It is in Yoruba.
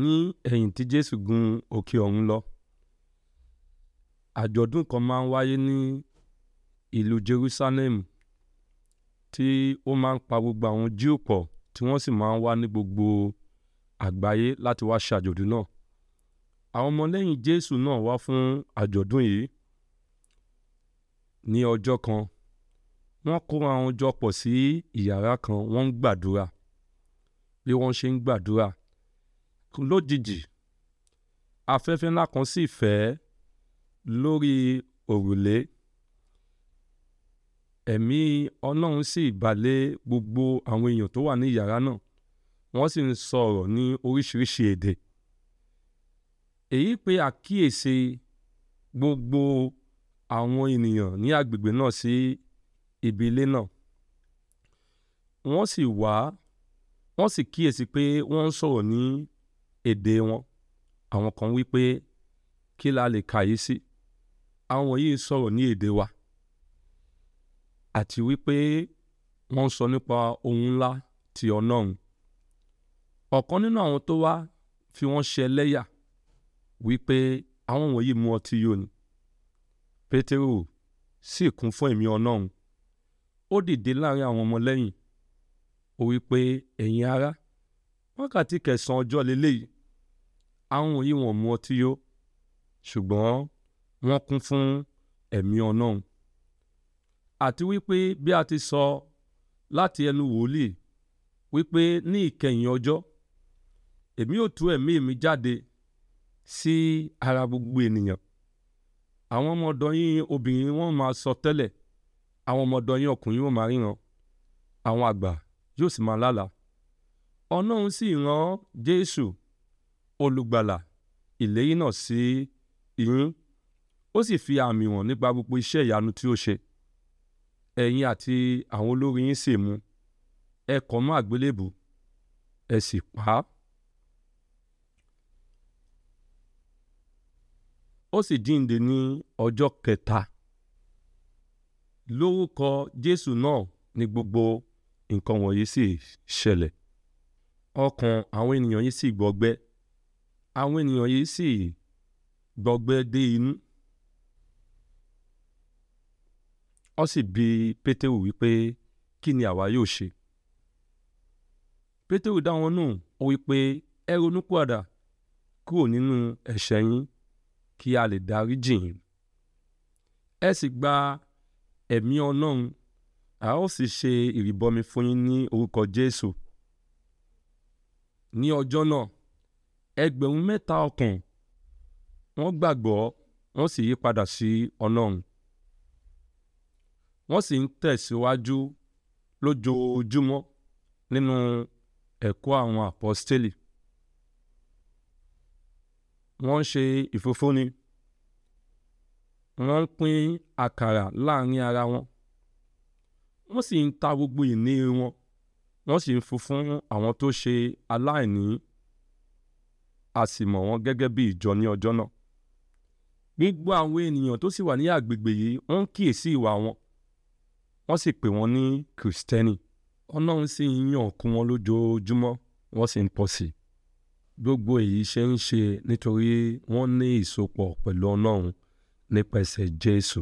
ní ẹ̀yìn tí jésù gun òkè ọ̀run lọ àjọ̀dún kan máa ń wáyé ní ìlú jerusalem tí ó máa ń pa gbogbo àwọn jíò pọ̀ tí wọ́n sì máa ń wá ní gbogbo àgbáyé láti wá ṣàjọ̀dún náà àwọn ọmọlẹ́yìn jésù náà wá fún àjọ̀dún yìí ní ọjọ́ kan wọ́n kó àwọn jọ pọ̀ sí ìyàrá kan wọ́n ń gbàdúrà bí wọ́n ṣe ń gbàdúrà lójijì afẹ́fẹ́ ńlá kan sì fẹ́ lórí òrùlé ẹ̀mí ọlọ́run sì bà lé gbogbo àwọn èèyàn tó wà ní yàrá náà wọ́n sì ń sọ̀rọ̀ ní oríṣiríṣi èdè èyí pé àkíyèsí gbogbo àwọn ènìyàn ní agbègbè náà sí ibi ilé náà wọ́n sì wá wọ́n sì kíyèsí pé wọ́n ń sọ̀rọ̀ ní èdè wọn àwọn kan wí pé kí la lè kà yìí sí àwọn yìí sọ̀rọ̀ ní èdè wa àti wípé wọ́n sọ nípa ohun ńlá ti ọlọ́run ọ̀kan nínú àwọn tó wá fi wọ́n ṣe ẹlẹ́yà wípé àwọn wọ̀nyí mu ọtí yó ni pétérù sì kún fún ẹ̀mí ọlọ́run ó dìde láàrin àwọn ọmọlẹ́yìn ó wípé ẹ̀yin ará wákàtí kẹsàn-án ọjọ́ lélẹ́yìí àwọn yìí wọ́n mu ọtí yó ṣùgbọ́n wọ́n kún fún ẹ̀mí ọlọ́run àti wípé bí a ti sọ láti ẹnu wòlíì wípé ní ìkẹyìn ọjọ́ èmi ò tú ẹ̀mí mi jáde sí ara gbogbo ènìyàn àwọn ọmọ yín obìnrin wọ́n máa sọ tẹ́lẹ̀ àwọn ọmọ yín ọkùnrin yóò máa ríran àwọn àgbà yóò sì máa lálàá ọlọ́run sì rán jésù olùgbàlà ìlérí náà sí yín ó sì fi àmì hàn nípa gbogbo iṣẹ́ ìyanu tí ó ṣe ẹ̀yin àti àwọn olórí yín sì mú ẹ kàn mọ́ àgbélébù ẹ sì pa á. ó sì jíǹde ní ọjọ́ kẹta lórúkọ jésù náà ni gbogbo nǹkan wọ̀nyí sì ṣẹlẹ̀ ọkàn àwọn ènìyàn yìí sì gbọgbẹ́ àwọn ènìyàn yìí sì gbọgbẹ́ dé inú ó sì bi pétérù wípé kí ni àwa yóò ṣe pétérù dá wọn nù ó wípé ẹ ronúpìwàdà kúrò nínú ẹ̀ṣẹ̀ yín kí a lè dárí jìn ẹ sì gba ẹ̀mí ọlọ́run a ó sì ṣe ìrìbọmi fún yín ní orúkọ jésù ní ọjọ́ náà ẹgbẹ̀rún mẹ́ta ọkàn wọ́n gbàgbọ́ wọ́n sì yí padà sí ọlọ́run wọ́n sì ń tẹ̀síwájú lójoojúmọ́ nínú ẹ̀kọ́ àwọn àpọ́stélì wọ́n ń ṣe ìfòfóni wọ́n ń pín àkàrà láàrin ara wọn wọ́n sì ń ta gbogbo ìní wọn wọ́n sì ń fún fún àwọn tó ṣe aláìní a sì mọ̀ wọ́n gẹ́gẹ́ bí ìjọ ní ọjọ́ náà. gbogbo àwọn ènìyàn tó sì wà ní àgbègbè yìí wọ́n kíyèsí ìwà wọn wọ́n sì pè wọ́n ní kìrìsìtẹ́nì ọlọ́run sì ń yàn kún wọn lójoojúmọ́ wọ́n sì ń pọ̀ sí i. gbogbo èyí ṣe ń ṣe nítorí wọ́n ní ìsopọ̀ pẹ̀lú ọlọ́run nípasẹ̀ jésù.